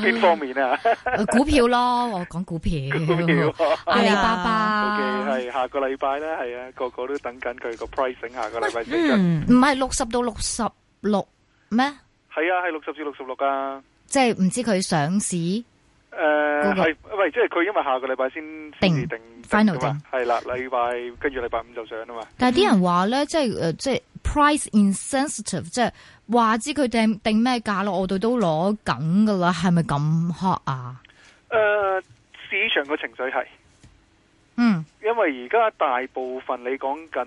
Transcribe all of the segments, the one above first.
邊方面啊？股票咯，我講股票。股票，阿里巴巴。OK，係下個禮拜咧，係啊，個個都等緊佢個 price 整下個禮拜先。唔係六十到六十六咩？係啊，係六十至六十六啊。即係唔知佢上市。誒，係，喂，即係佢因為下個禮拜先定定 final 定。係啦，禮拜跟住禮拜五就上啦嘛。但係啲人話咧，即係誒，即係 price insensitive，即係。話知佢訂定咩價咯？我哋都攞緊噶啦，係咪咁 hot 啊？誒、呃，市場個情緒係，嗯，因為而家大部分你講緊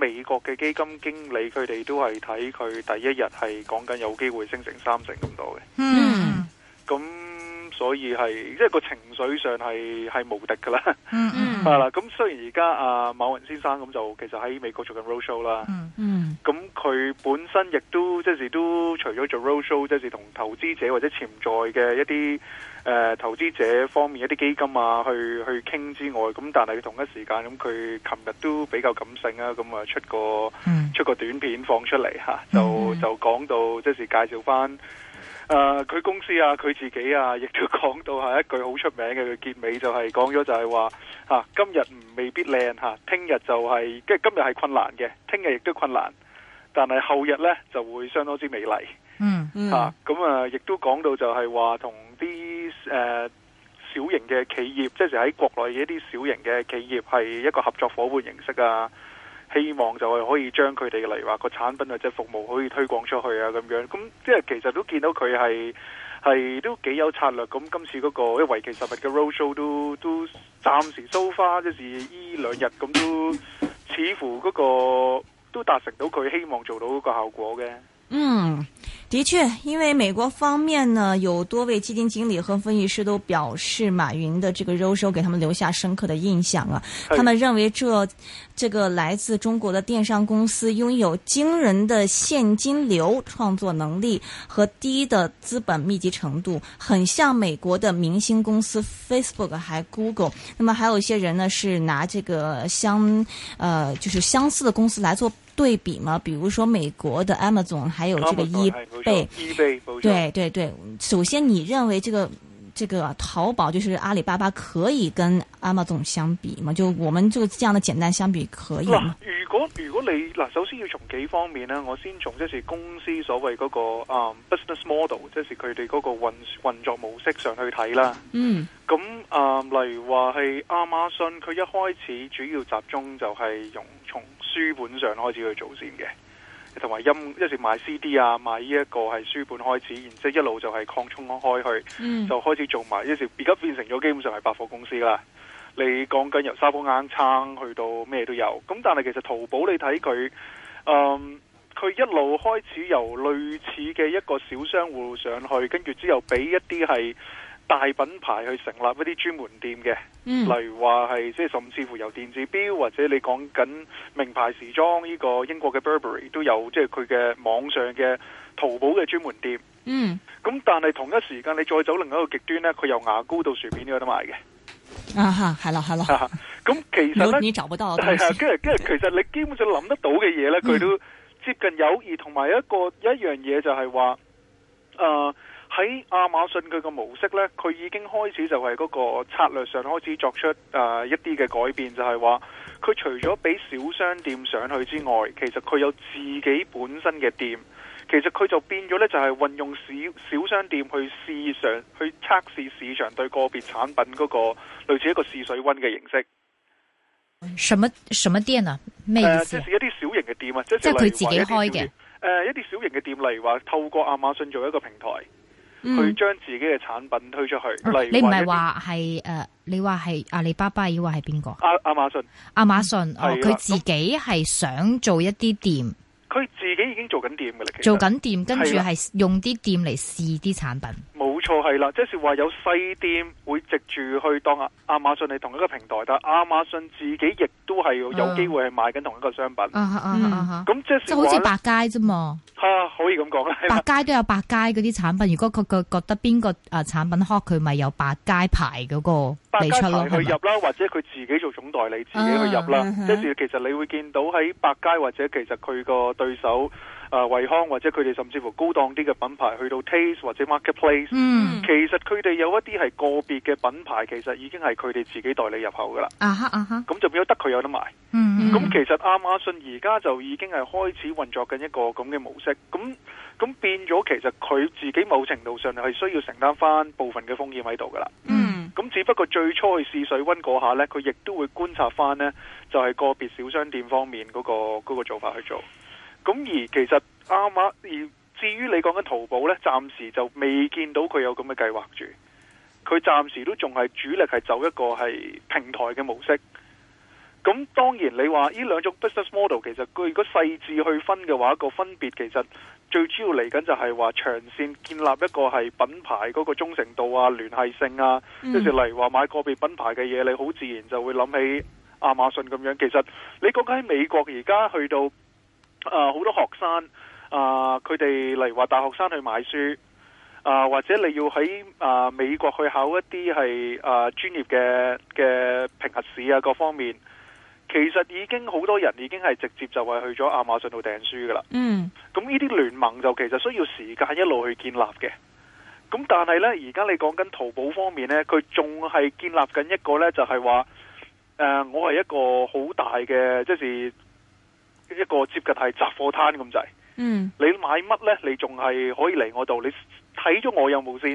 美國嘅基金經理，佢哋都係睇佢第一日係講緊有機會升成三成咁多嘅。嗯，咁所以係即係個情緒上係係無敵噶啦。嗯嗯，係啦。咁雖然而家阿馬雲先生咁就其實喺美國做緊 roadshow 啦。嗯嗯。咁佢本身亦都即係、就是、都除咗做 roadshow，即係同投資者或者潛在嘅一啲誒、呃、投資者方面一啲基金啊，去去傾之外，咁但係同一時間，咁佢琴日都比較感性啊，咁啊出個、mm. 出個短片放出嚟嚇，就就講到即係、就是、介紹翻誒佢公司啊，佢自己啊，亦都講到係一句好出名嘅佢結尾、就是，就係講咗就係話今日唔未必靚嚇，聽日就係即係今日係困難嘅，聽日亦都困難。但係後日呢，就會相當之美麗。嗯嗯，嚇、嗯、咁啊，亦都講到就係話同啲誒小型嘅企業，即係喺國內嘅一啲小型嘅企業，係一個合作伙伴形式啊。希望就係可以將佢哋例如話個產品或者、就是、服務可以推廣出去啊，咁樣。咁即係其實都見到佢係係都幾有策略。咁今次嗰、那個一為期十日嘅 roadshow 都都暫時 so far，即是依兩日咁都似乎嗰、那個。都達成到佢希望做到嗰個效果嘅。嗯，的確因為美國方面呢，有多位基金經理和分析師都表示，馬雲的這個 roadshow 給他們留下深刻的印象啊。是他們認為這這個來自中國的電商公司擁有驚人的現金流創作能力和低的資本密集程度，很像美國的明星公司 Facebook、還 Google。那麼還有一些人呢，是拿這個相，呃，就是相似的公司來做。對比嘛，比如說美國的 Amazon，還有這個、e、B, Amazon, Ebay 對。對對對。首先，你認為這個這個淘寶就是阿里巴巴可以跟 Amazon 相比嘛？就我們就這樣的簡單相比可以嗎？、啊、如果如果你嗱，首先要從幾方面呢，我先從即是公司所謂嗰、那個啊、um, business model，即是佢哋嗰個運運作模式上去睇啦。嗯。咁啊、呃，例如話係亞馬遜，佢一開始主要集中就係用從。書本上開始去做先嘅，同埋音一時賣 CD 啊，賣呢一個係書本開始，然之後一路就係擴充開去。嗯、就開始做埋一時，而家變成咗基本上係百貨公司啦。你講緊由沙煲硬撐去到咩都有，咁但係其實淘寶你睇佢，佢、嗯、一路開始由類似嘅一個小商戶上去，跟住之後俾一啲係。大品牌去成立一啲專門店嘅。嗯、例如話係即係甚至乎由電子錶或者你講緊名牌時裝呢個英國嘅 Burberry 都有，即係佢嘅網上嘅淘寶嘅專門店。嗯，咁但係同一時間你再走另一個極端呢，佢由牙膏到薯片都有得賣嘅。啊哈，係咯，係咯，咁、啊嗯、其實咧，係啊，跟住跟住，其實你基本上諗得到嘅嘢呢，佢都接近友誼，同埋有一個一樣嘢就係話，誒、呃。喺亞馬遜佢個模式咧，佢已經開始就係嗰個策略上開始作出誒、呃、一啲嘅改變就，就係話佢除咗俾小商店上去之外，其實佢有自己本身嘅店，其實佢就變咗咧就係運用小小商店去市場去測試市場對個別產品嗰個類似一個試水溫嘅形式。什麼什麼店啊？咩意思、呃、即係一啲小型嘅店啊！即即係佢自己開嘅。誒、呃，一啲小型嘅店，例如話透過亞馬遜做一個平台。佢將自己嘅產品推出去。嗯、例你唔係話係誒，啊、你話係阿里巴巴是，以話係邊個？阿阿馬遜。阿馬遜，佢自己係想做一啲店。佢自己已經做緊店嘅啦。做緊店，跟住係用啲店嚟試啲產品。錯係啦，即係話、就是、有細店會藉住去當阿亞馬遜係同一個平台，但係亞馬遜自己亦都係有機會係賣緊同一個商品。咁即係好似百佳啫嘛。可以咁講。百佳都有百佳嗰啲產品，如果佢覺覺得邊個啊、呃、產品好，佢咪有百佳牌嗰個嚟出去入啦，嗎或者佢自己做總代理自己去入啦。即、uh huh. 係其實你會見到喺百佳或者其實佢個對手。啊，惠康或者佢哋甚至乎高檔啲嘅品牌，去到 Taste 或者 Marketplace，嗯、其實佢哋有一啲係個別嘅品牌，其實已經係佢哋自己代理入口噶啦。咁、啊啊、就變咗得佢有得賣。咁、嗯、其實亞馬遜而家就已經係開始運作緊一個咁嘅模式。咁咁變咗，其實佢自己某程度上係需要承擔翻部分嘅風險喺度噶啦。咁、嗯、只不過最初去試水溫嗰下咧，佢亦都會觀察翻咧，就係個別小商店方面嗰個嗰個做法去做。咁而其實亞、啊、馬遜，而至於你講緊淘寶咧，暫時就未見到佢有咁嘅計劃住。佢暫時都仲係主力係走一個係平台嘅模式。咁當然你話呢兩種 business model，其實佢如果細緻去分嘅話，個分別，其實最主要嚟緊就係話長線建立一個係品牌嗰個忠誠度啊、聯繫性啊。跟、嗯、例如話買個別品牌嘅嘢，你好自然就會諗起亞馬遜咁樣。其實你講緊美國而家，去到。誒，好多學生，啊，佢哋例如話大學生去買書，啊，或者你要喺啊美國去考一啲係啊專業嘅嘅評核試啊，各方面，其實已經好多人已經係直接就係去咗亞馬遜度訂書噶啦。嗯，咁呢啲聯盟就其實需要時間一路去建立嘅。咁但係呢，而家你講緊淘寶方面呢，佢仲係建立緊一個呢，就係話誒，我係一個好大嘅，即是。一個接近係雜貨攤咁滯，嗯，你買乜呢？你仲係可以嚟我度，你睇咗我有冇先？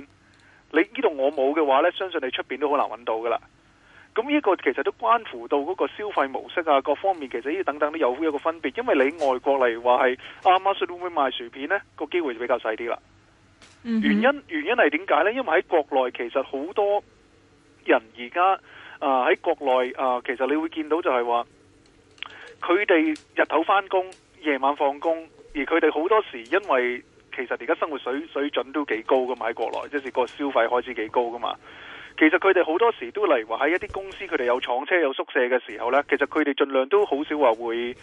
你呢度我冇嘅話呢，相信你出邊都好難揾到噶啦。咁呢個其實都關乎到嗰個消費模式啊，各方面其實呢等等都有一個分別。因為你外國嚟話係阿媽會唔會賣薯片呢？個機會就比較細啲啦。原因原因係點解呢？因為喺國內其實好多人而家啊喺國內啊、呃，其實你會見到就係話。佢哋日頭翻工，夜晚放工，而佢哋好多時因為其實而家生活水水準都幾高噶嘛喺國內，即是個消費開支幾高噶嘛。其實佢哋好多時都例如話喺一啲公司，佢哋有廠車有宿舍嘅時候呢，其實佢哋盡量都好少話會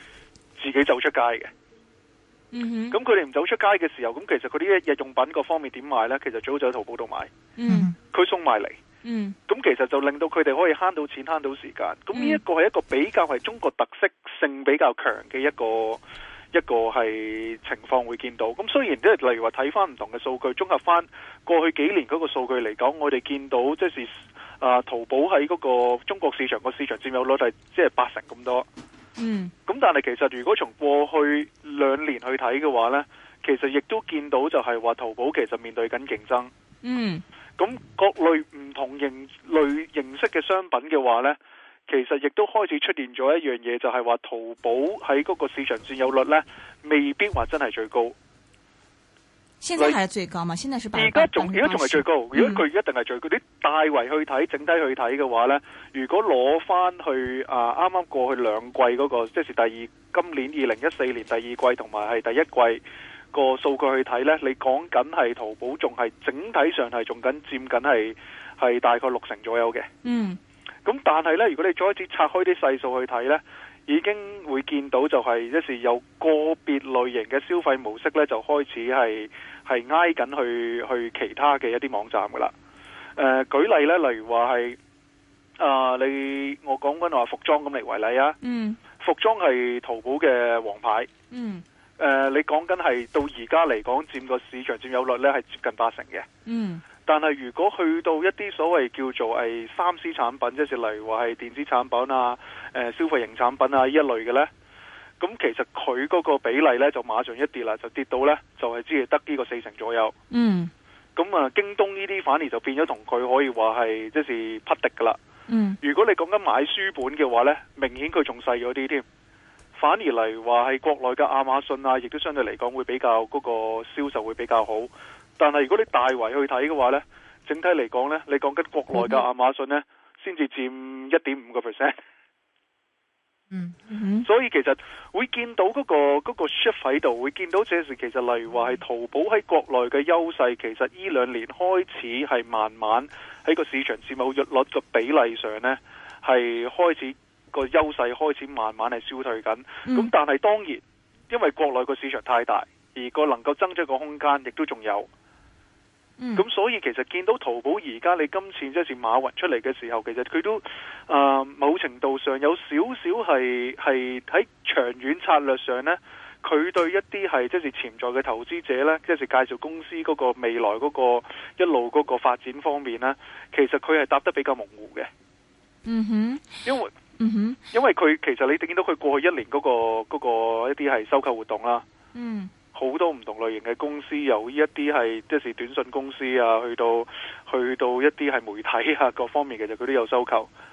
自己走出街嘅。咁佢哋唔走出街嘅時候，咁其實佢啲日用品各方面點買呢？其實最好就喺淘寶度買。Mm hmm. 佢送埋嚟。嗯，咁其實就令到佢哋可以慳到錢、慳到時間。咁呢一個係一個比較係中國特色性比較強嘅一個一個係情況會見到。咁雖然即係例如話睇翻，唔同嘅數據，綜合翻過去幾年嗰個數據嚟講，我哋見到即係啊，淘寶喺嗰個中國市場個市場佔有率係即係八成咁多。嗯，咁但係其實如果從過去兩年去睇嘅話呢，其實亦都見到就係話淘寶其實面對緊競爭。嗯。咁各類唔同形類形式嘅商品嘅話呢，其實亦都開始出現咗一樣嘢，就係話淘寶喺嗰個市場占有率呢，未必話真係最高。現在係最高嘛，現在是，而家仲而家仲係最高。嗯，如果佢一定係最高，啲大圍去睇，整體去睇嘅話呢，如果攞翻去啊啱啱過去兩季嗰個，即係第二今年二零一四年第二季同埋係第一季。個數據去睇呢，你講緊係淘寶仲係整體上係仲緊佔緊係係大概六成左右嘅。嗯，咁但係呢，如果你再一次拆開啲細數去睇呢，已經會見到就係一時有個別類型嘅消費模式呢，就開始係係挨緊去去其他嘅一啲網站噶啦。誒、呃，舉例呢，例如話係啊，你我講緊話服裝咁嚟為例啊，嗯，服裝係淘寶嘅王牌，嗯。誒、呃，你講緊係到而家嚟講，佔個市場佔有率咧係接近八成嘅。嗯，mm. 但係如果去到一啲所謂叫做係三 C 產品，即係例如話係電子產品啊、誒、呃、消費型產品啊一類嘅咧，咁其實佢嗰個比例咧就馬上一跌啦，就跌到咧就係、是、只係得呢個四成左右。Mm. 嗯，咁啊，京東呢啲反而就變咗同佢可以話係即是匹敵噶啦。嗯，mm. 如果你講緊買書本嘅話咧，明顯佢仲細咗啲添。反而嚟話係國內嘅亞馬遜啊，亦都相對嚟講會比較嗰個銷售會比較好。但係如果你大圍去睇嘅話呢，整體嚟講呢，你講緊國內嘅亞馬遜呢，先至佔一點五個 percent。Mm hmm. 所以其實會見到嗰、嗰個、嗰個 shift 喺度，會見到即是其實例如話係淘寶喺國內嘅優勢，其實呢兩年開始係慢慢喺個市場佔有率嘅比例上呢，係開始。個優勢開始慢慢係消退緊，咁但係當然，因為國內個市場太大，而個能夠增長個空間亦都仲有。咁所以其實見到淘寶而家你今次即係馬雲出嚟嘅時候，其實佢都、呃、某程度上有少少係係喺長遠策略上呢，佢對一啲係即係潛在嘅投資者呢，即係、就是、介紹公司嗰個未來嗰個一路嗰個發展方面呢，其實佢係答得比較模糊嘅。嗯哼，因為。嗯哼，因為佢其實你見到佢過去一年嗰個嗰個一啲係收購活動啦，嗯，好多唔同類型嘅公司有一啲係，即是短信公司啊，去到去到一啲係媒體啊，各方面其實佢都有收購。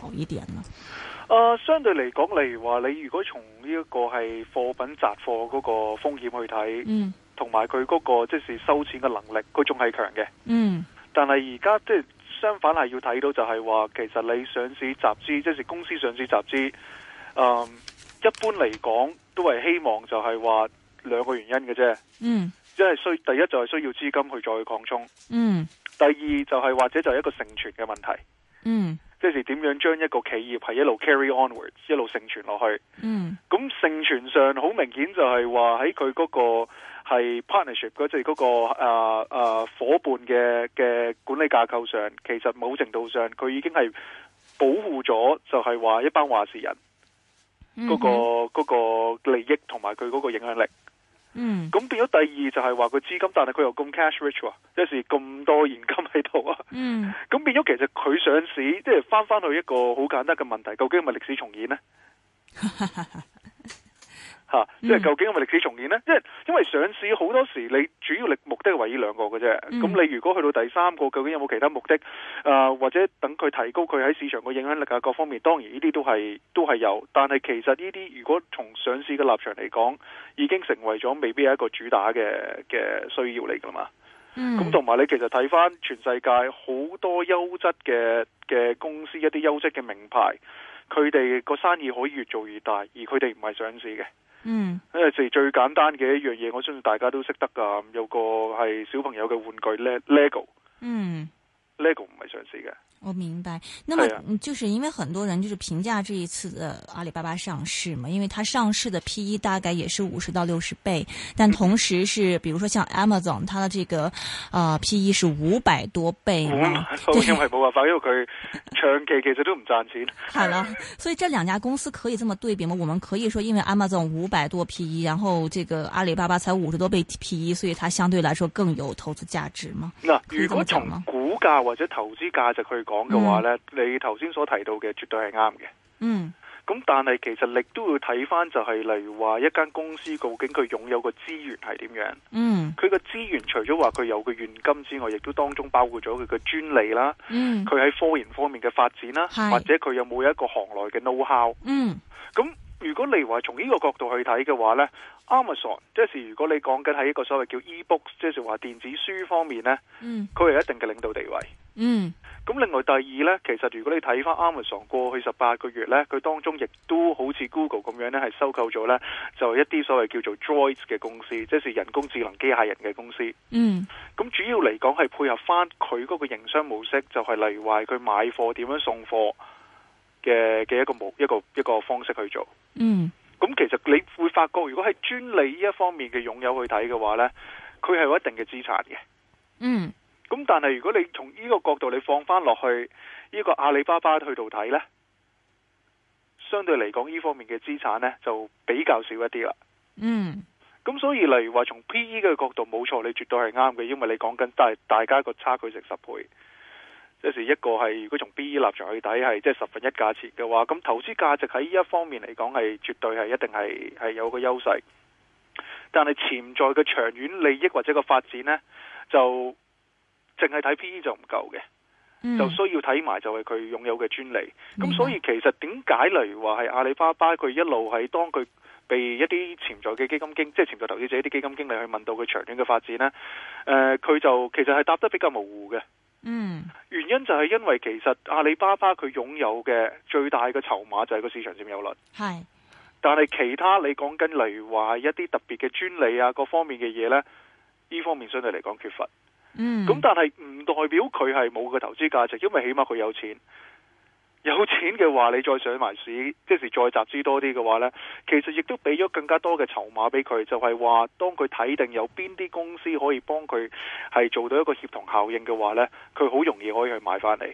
小一點啦，呃。相對嚟講，例如話你如果從呢一個係貨品雜貨嗰個風險去睇，嗯，同埋佢嗰個即係、就是、收錢嘅能力，佢仲係強嘅，嗯。但係而家即係相反係要睇到就係話，其實你上市集資，即、就、係、是、公司上市集資，誒、嗯，一般嚟講都係希望就係話兩個原因嘅啫，嗯。即係需第一就係需要資金去再去擴充，嗯。第二就係或者就係一個成全嘅問題，嗯。即是點樣將一個企業係一路 carry onwards，一路盛傳落去。嗯、mm，咁、hmm. 盛傳上好明顯就係話、那個，喺佢個係 partnership，即係個啊啊夥伴嘅嘅管理架構上，其實某程度上佢已經係保護咗，就係話一班話事人、那個、mm hmm. 個利益同埋佢個影響力。嗯，咁變咗第二就係話個資金，但係佢又咁 cash rich 啊，有時咁多現金喺度啊，嗯，咁變咗其實佢上市，即係翻翻去一個好簡單嘅問題，究竟係咪歷史重演呢？ 啊、即係究竟有冇歷史重現呢？即係、嗯、因為上市好多時，你主要力目的係為呢兩個嘅啫。咁、嗯、你如果去到第三個，究竟有冇其他目的啊、呃？或者等佢提高佢喺市場嘅影響力啊？各方面當然呢啲都係都係有，但係其實呢啲如果從上市嘅立場嚟講，已經成為咗未必係一個主打嘅嘅需要嚟噶嘛。咁同埋你其實睇翻全世界好多優質嘅嘅公司，一啲優質嘅名牌，佢哋個生意可以越做越大，而佢哋唔係上市嘅。嗯，因為最最簡單嘅一樣嘢，我相信大家都識得噶，有個係小朋友嘅玩具 le Lego。嗯。呢個唔係上市嘅，我明白。那麼就是因為很多人就是評價這一次的阿里巴巴上市嘛，因為它上市的 P E 大概也是五十到六十倍，但同時是，比如說像 Amazon，它的這個，啊、呃、P E 是五百多倍。因為冇辦法，就是、 因為佢長期其實都唔賺錢。係啦 所以這兩家公司可以這麼對比嗎？我們可以說，因為 Amazon 五百多 P E，然後這個阿里巴巴才五十多倍 P E，所以它相對來說更有投資價值嗎？嗱、啊，如果從股價或者投資價值去講嘅話呢、嗯、你頭先所提到嘅絕對係啱嘅。嗯，咁但係其實亦都要睇返，就係例如話一間公司究竟佢擁有個資源係點樣？嗯，佢個資源除咗話佢有個現金之外，亦都當中包括咗佢嘅專利啦。佢喺、嗯、科研方面嘅發展啦，是或者佢有冇一個行內嘅 know-how？嗯，咁。如果你話從呢個角度去睇嘅話呢，Amazon，即係如果你講緊喺一個所謂叫 ebooks，即係話電子書方面呢嗯，佢係一定嘅領導地位，嗯。咁另外第二呢，其實如果你睇翻 Amazon 過去十八個月呢，佢當中亦都好似 Google 咁樣呢係收購咗呢就一啲所謂叫做 Droid 嘅公司，即係人工智能機械人嘅公司，嗯。咁主要嚟講係配合翻佢嗰個營商模式，就係、是、例如話佢買貨點樣送貨。嘅嘅一個模一個一個方式去做，嗯，咁其實你會發覺，如果係專利呢一方面嘅擁有去睇嘅話呢，佢係有一定嘅資產嘅，嗯，咁但係如果你從呢個角度你放翻落去呢個阿里巴巴去到睇呢，相對嚟講呢方面嘅資產呢就比較少一啲啦，嗯，咁所以例如話從 PE 嘅角度冇錯，你絕對係啱嘅，因為你講緊大大家個差距成十倍。有時一個係，如果從 B E 立場去睇，係即係十分一價錢嘅話，咁投資價值喺呢一方面嚟講係絕對係一定係係有個優勢。但係潛在嘅長遠利益或者個發展呢，就淨係睇 P E 就唔夠嘅，嗯、就需要睇埋就係佢擁有嘅專利。咁、嗯、所以其實點解例如話係阿里巴巴，佢一路係當佢被一啲潛在嘅基金經，即、就、係、是、潛在投資者的一啲基金經理去問到佢長遠嘅發展呢，誒、呃、佢就其實係答得比較模糊嘅。嗯，原因就係因為其實阿里巴巴佢擁有嘅最大嘅籌碼就係個市場佔有率，係。但係其他你講緊例如話一啲特別嘅專利啊，各方面嘅嘢呢，呢方面相對嚟講缺乏。嗯，咁但係唔代表佢係冇個投資價值，因為起碼佢有錢。有錢嘅話，你再上埋市，即時再集資多啲嘅話呢，其實亦都俾咗更加多嘅籌碼俾佢，就係話當佢睇定有邊啲公司可以幫佢係做到一個協同效應嘅話呢，佢好容易可以去買翻嚟。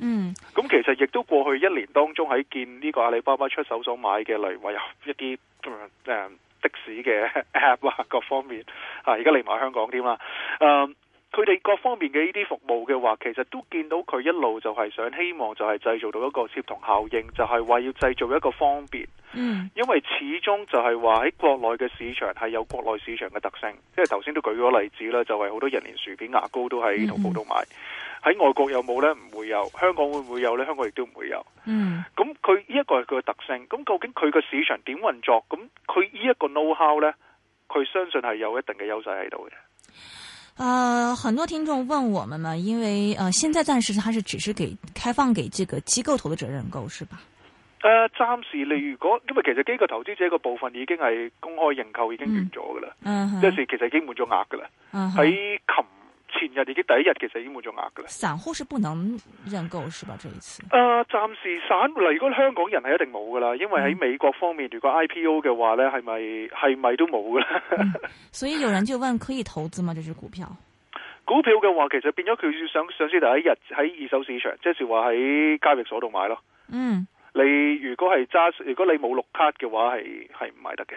嗯，咁其實亦都過去一年當中喺見呢個阿里巴巴出手所買嘅類，或有一啲、嗯嗯、的士嘅 app 啊，各方面啊，而家嚟埋香港添啦。嗯佢哋各方面嘅呢啲服務嘅話，其實都見到佢一路就係想希望就係製造到一個協同效應，就係話要製造一個方便。嗯，因為始終就係話喺國內嘅市場係有國內市場嘅特性，即係頭先都舉咗例子啦，就係好多人連薯片、牙膏都喺淘寶度買。喺、嗯、外國有冇呢？唔會有。香港會唔會有呢？香港亦都唔會有。咁佢呢一個係佢嘅特性。咁究竟佢個市場點運作？咁佢呢一個 know how 呢？佢相信係有一定嘅優勢喺度嘅。呃，很多聽眾問我們呢，因為呃，現在暫時它是只是給開放給這個機構投資者認購，是吧？呃，暫時你如果因為其實機構投資者個部分已經係公開認購已經完咗噶啦，即係、嗯嗯、其實已經滿咗額噶啦，喺琴、嗯哼。前日已經第一日，其實已經冇咗額噶啦。散戶是不能認購，是吧？這一次？誒、呃，暫時散嚟。如果香港人係一定冇噶啦，因為喺美國方面，如果 IPO 嘅話咧，係咪係咪都冇噶啦？所以有人就問：可以投資嗎？ 這隻股票？股票嘅話，其實變咗佢上上上市第一日喺二手市場，即係話喺交易所度買咯。嗯，你如果係揸，如果你冇綠卡嘅話，係係唔買得嘅。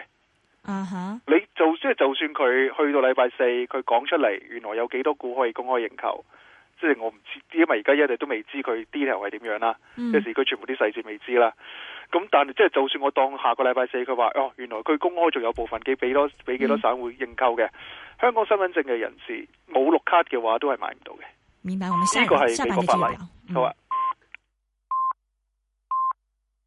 嗯哼，uh huh. 你就即係就算佢去到禮拜四，佢講出嚟原來有幾多股可以公開認購，即、就、係、是、我唔知，因為而家一直都知、嗯、未知佢 detail 係點樣啦，即時佢全部啲細節未知啦。咁但係即係就算我當下個禮拜四，佢話哦，原來佢公開仲有部分幾幾多，俾幾多散戶認購嘅。嗯、香港身份證嘅人士冇綠卡嘅話，都係買唔到嘅。明白，呢個係美國法例，嗯、好啊。